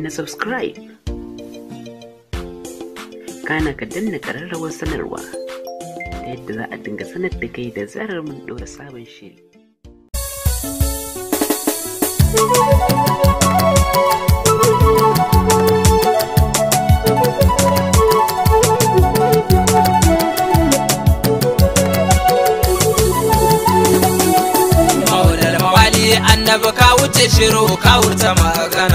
na subscribe kana ka danna ƙararrawar sanarwa ta yadda za a dinga sanar da kai da zarar mun ɗora sabon shiri annabi ka wuce shiru ka wurta magana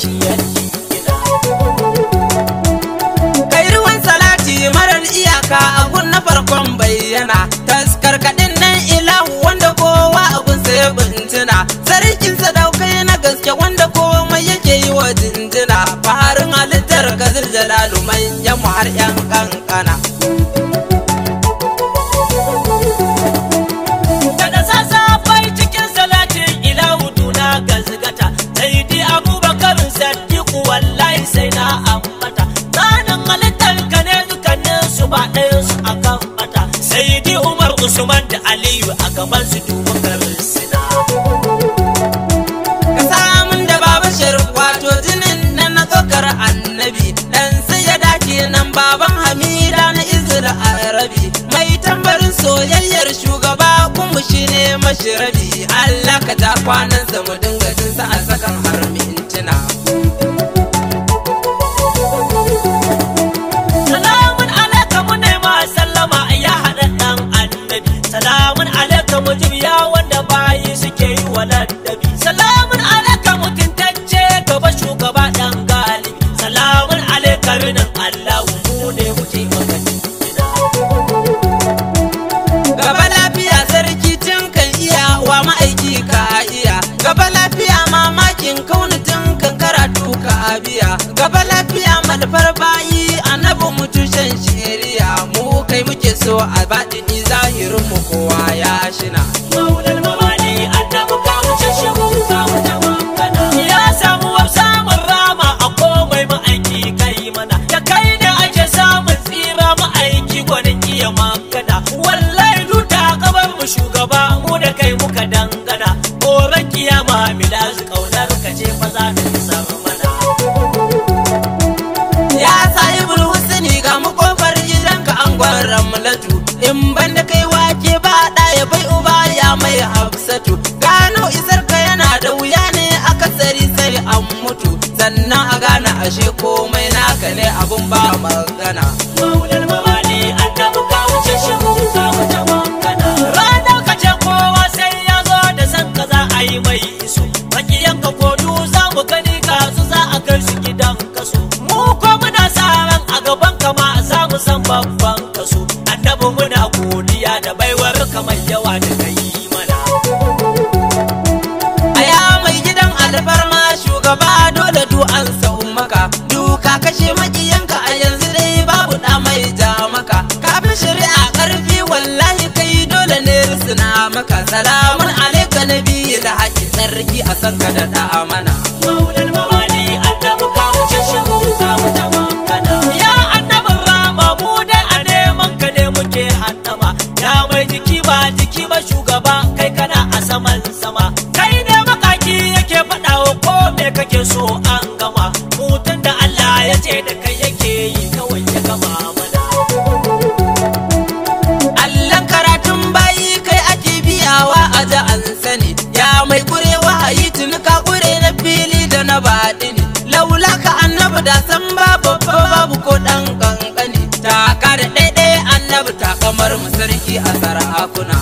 shi kai ruwan salati marar iyaka abun na farkon bayyana taskar kaɗin nan ilahu wanda kowa abun sai bintuna sarkin daukai na gaske wanda koma yake yi wa jinjina farin halittar gazir jalalu manyan mu har 'yan kankana su ba ɗayan su a kan bata sai di umar usman da aliyu a gaban su dubu garin sina ka samun da baba wato jinin na na tsokar annabi dan sai ya dace nan baban hamida na izira arabi mai tambarin soyayyar shugaba kuma shi ne mashirabi allah ka ta kwanan zamadin so a baɗin zahirin kowa ya shina maulal mamani annabi ka wuce shigo ka wuce mangana ya samu wasa mun rama a komai ma'aiki kai mana da kai da ake samun tsira ma'aiki gwanin iya magana wallahi duta mu shugaba mu da kai muka dangana koran kiyama mi su kaunar ka ce fa za ashe komai naka ne abun ba magana makiyanka a yanzu dai babu da mai ja maka kafin shari'a karfi wallahi kai dole ne rusuna maka salamun alaika da haqqi sarki akan ka da amana babu takamar mu sarki a sarakuna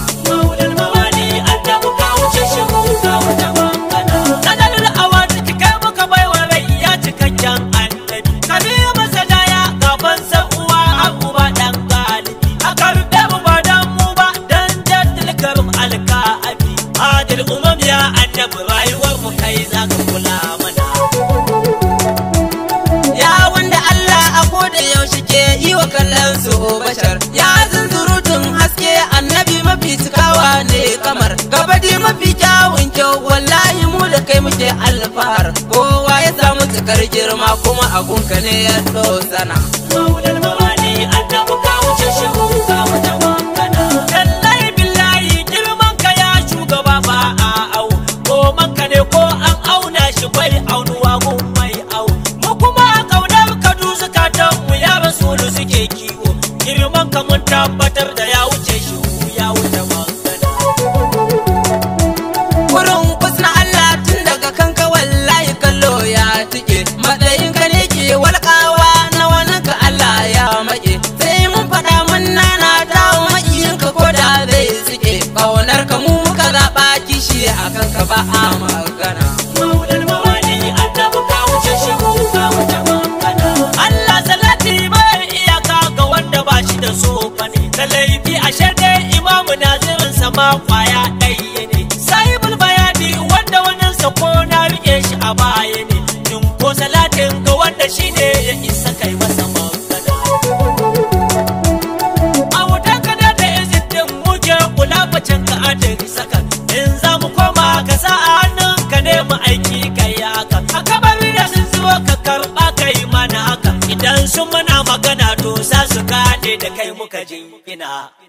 alfahar kowa ya samu cikar girma kuma a gunka ne ya sana. Maulal mamani annabu ka wuce shehu ka wuce mangana. Lallai billahi girman ka ya shugaba ba a au. Ko manka ne ko an auna shi bai aunuwa gun mai au. Mu kuma kaunar ka du zukatan mu ya rasulu suke kiwo. Girman ka mun tabbatar da ya wuce shehu. akan ka ba a magana maudal mawadi annabu ka wuce shigo ka wuce magana Allah salati bai iyaka ga wanda ba shi da so bane da laifi a shirde imamu nazirin sama kwaya ɗaya ne sahibul bayani wanda wannan sa ko na rike shi a baya ne in salatin ga wanda shine ya isa kai masa a wutan kada da izin din muke kula bacin ka a sakan in za mu know.